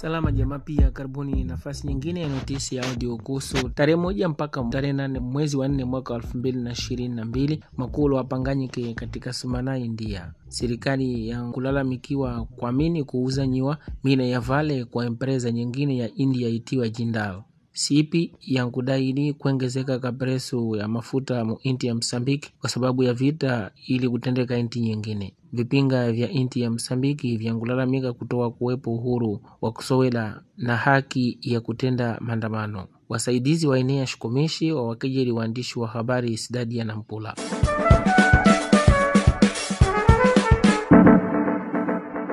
Salama jamaa, pia karibuni nafasi nyingine ya notisi ya audio kuhusu tarehe moja mpaka tarehe nane mwezi wa nne mwaka elfu mbili na ishirini na mbili makulu wapanganyike katika sumana India. Serikali ya kulalamikiwa kwa kuuza nyiwa mina ya vale kwa empresa nyingine ya India itiwa Jindal sipi ya nkudahili kuengezeka ka presu ya mafuta mu inti ya Msambiki kwa sababu ya vita ili kutendeka inti nyingine. Vipinga vya inti ya Msambiki vyangulalamika kutoa kuwepo uhuru wa kusowela na haki ya kutenda maandamano. Wasaidizi wa Eneya Shikomishi wa wakejeli waandishi wa habari sidadi ya nampula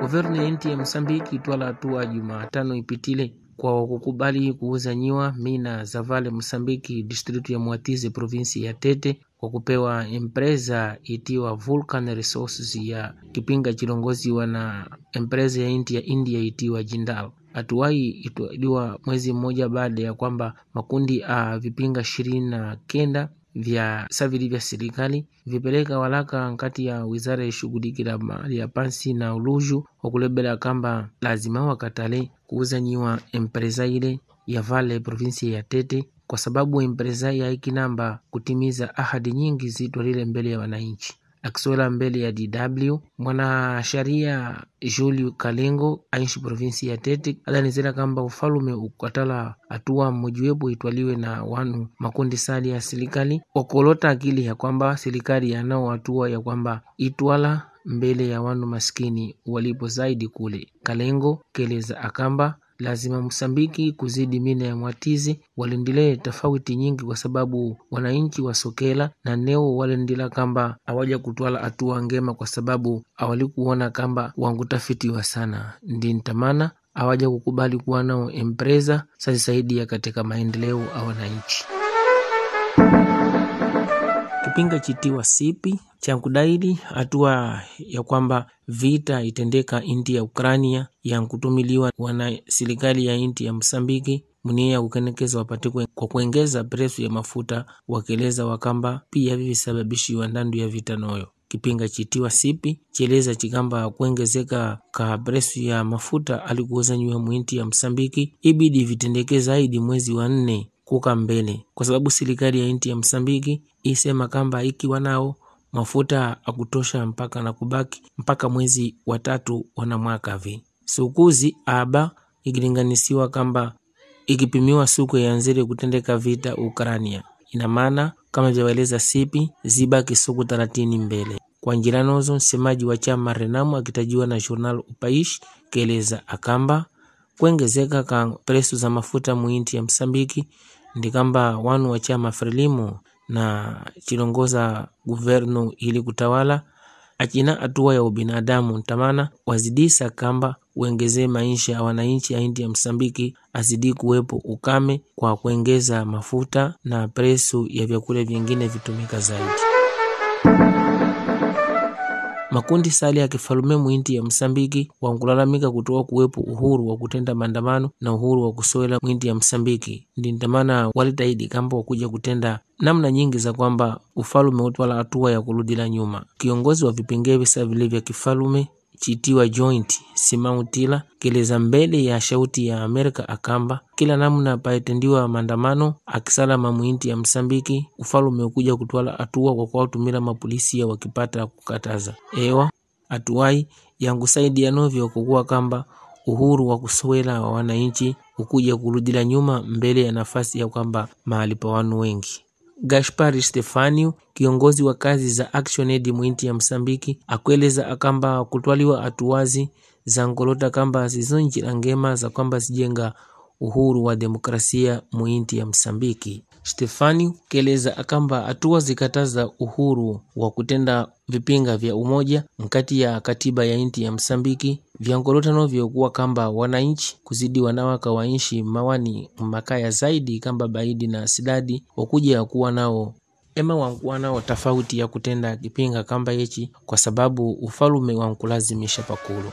Governi ya inti ya Msambiki itwala hatua Jumatano ipitile kwa kukubali kuuza nyiwa mina Vale Msambiki distritu ya Mwatizi provinsi ya Tete kwa kupewa empresa itiwa Vulcan Resources ya Kipinga chilongoziwa na empresa ya inti ya India itiwa Jindal. Hatua itwaliwa mwezi mmoja baada ya kwamba makundi a vipinga ishirini na kenda vya savili vya serikali vipeleka walaka nkati ya wizara ishughulikila mali ya pansi na uluju wakulebela kamba lazima wakatale kuuzanyiwa empresa ile ya vale provinsi ya tete kwa sababu empresa yaikinamba kutimiza ahadi nyingi zitwalile mbele ya wananchi Akiswela mbele ya DW mwanasharia Juli Kalengo aishi provinsi ya Tete adanizera kamba ufalume ukatala hatua mmojiwepo itwaliwe na wanu makundi sali ya serikali okolota akili ya kwamba serikali yanao hatua ya kwamba itwala mbele ya wanu maskini walipo zaidi kule. Kalengo keleza akamba lazima Msambiki kuzidi Mina ya Mwatizi walindile tofauti nyingi kwa sababu wananchi wasokela na neo walindila kamba awaja kutwala atua ngema kwa sababu awalikuona kamba wangutafitiwa sana ndi ntamana awaja kukubali kuwa nao empresa sazisaidi ya katika maendeleo a wananchi kupinga chitiwa sipi cha kudaili hatua ya kwamba vita itendeka inti ya Ukrania yankutumiliwa wana serikali ya inti ya Msambiki mnie ya kukenekeza wapate kwa kuengeza presu ya mafuta wakeleza wakamba pia vivisababishiwa ndandu ya vita noyo kipinga chitiwa sipi cheleza chikamba kuengezeka ka presu ya mafuta alikuwezanyiwa mwinti ya Msambiki ibidi vitendeke zaidi mwezi wa nne kuka mbele, kwa sababu serikali ya nchi ya Msambiki isema kamba ikiwa nao mafuta akutosha mpaka na kubaki mpaka mwezi wa tatu wana mwaka vi sukuzi aba ikilinganisiwa kamba ikipimiwa suku yanzire kutendeka vita Ukrania. Ina maana kama vyaeleza sipi zibaki suku taratini mbele kwa njira nozo. Msemaji wa chama Renamu akitajiwa na Journal Upaish keleza akamba kuongezeka ka presu za mafuta muinti ya Msambiki ndikamba wanu wa chama Frelimo na chilongoza guvernu ili kutawala achina atua ya ubinadamu ntamana wazidisa kamba uengeze maisha ya wananchi aindi ya Msambiki azidi kuwepo ukame kwa kuengeza mafuta na presu ya vyakula vyingine vitumika zaidi. Makundi sali ya kifalume mwinti ya Msambiki wankulalamika kutoa kuwepo uhuru wa kutenda maandamano na uhuru wa kusoela mwinti ya Msambiki. Ndi ndamana walitaidi kamba wakuja kutenda namna nyingi za kwamba ufalume utwala hatua ya kuludila nyuma. Kiongozi wa vipengee visa vile vya kifalume chitiwa joint simautila keleza mbele ya shauti ya Amerika akamba kila namna paetendiwa maandamano akisalama mwinti ya Msambiki ufalume ukuja kutwala atua kwa kwatumila mapolisia wakipata kukataza ewa atuwai yangusaidia novyo kukuwa kamba uhuru wa kusowela wa wananchi ukuja kurudila nyuma mbele ya nafasi ya kwamba mahali pa wanu wengi Gaspar Stefanio, kiongozi wa kazi za Aid mwinti ya Msambiki, akueleza akamba kutwaliwa atuwazi za ngolota kamba zizonjila ngema za kwamba zijenga uhuru wa demokrasia mwinti ya Msambiki. Stefani Keleza akamba hatua zikataza uhuru wa kutenda vipinga vya umoja mkati ya katiba ya inti ya Msambiki vyangolota kuwa kamba wananchi kuzidi wanawaka wa inshi mawani makaya zaidi kamba baidi na sidadi wakuja kuwa nao ema wankuwa nao tofauti ya kutenda kipinga kamba yechi kwa sababu ufalume wankulazimisha pakulu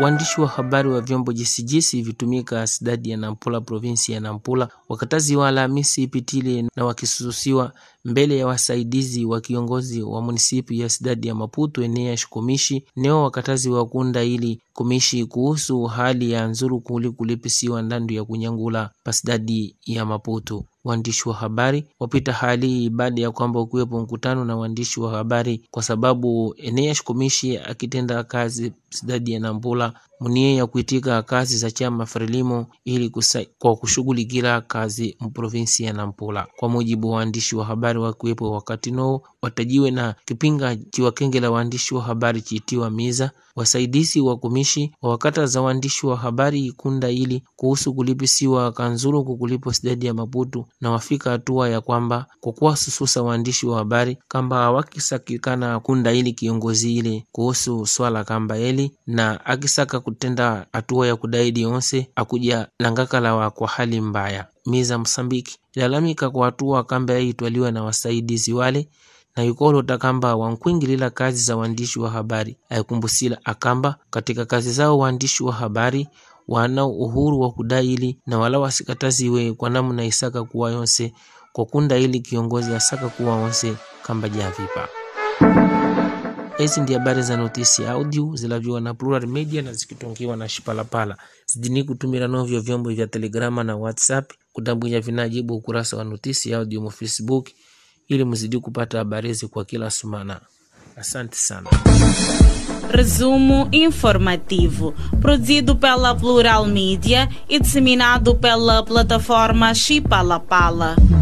Waandishi wa habari wa vyombo jisijisi vitumika sidadi ya Nampula provinsi ya Nampula wakatazi wa Alhamisi ipitile na wakisusiwa mbele ya wasaidizi wa kiongozi wa munisipi ya sidadi ya Maputo Eneas Komishi neo wakatazi wa kunda ili Komishi kuhusu hali ya nzuru kuli kulipisiwa ndandu ya kunyangula pasidadi ya Maputo waandishi wa habari wapita hali baada ya kwamba ukiwepo mkutano na waandishi wa habari, kwa sababu Eneas Komishi akitenda kazi sidadi ya Nambula munie ya kuitika kazi za chama Frelimo ili kusa, kwa kushughulikila kazi mprovinsi ya Nampula, kwa mujibu wa waandishi wa habari habari wakati noo watajiwe na kipinga chiwakenge la waandishi wa habari chiitiwa miza wasaidizi wakumishi wa wakata za waandishi wa habari ikunda ili kuhusu kulipisiwa kanzuru kukulipo sidadi ya Maputu na wafika hatua ya kwamba kwa sususa waandishi wa habari kamba wakisakikana kunda ili kiongozi ile kuhusu swala kamba eli na akisaka kutenda hatua ya kudaidi onse akuja langakalawa kwa hali mbaya jamii Msambiki ilalamika kwa hatua kamba yaitwaliwa na wasaidizi wale na ikolota kamba wankwingilila kazi za waandishi wa habari ayikumbusila akamba katika kazi zao waandishi wa habari wanao uhuru wa kudaili na wala wasikataziwe kwa namna isaka kuwa yonse kwa kunda ili kiongozi asaka kuwa onse kamba javipa hizi ndi habari za notisi audio zilaviwa na Plural Media na zikitongiwa na Shipalapala. Zidini kutumira novyo vyombo vya Telegrama na WhatsApp kutambunya vinajibu ukurasa wa Notisi ya Audio Facebook ili mzidi kupata habari hizi kwa kila sumana. Asante sana. Resumo informativo, produzido pela Plural Media e disseminado pela plataforma Chipalapala. Pala.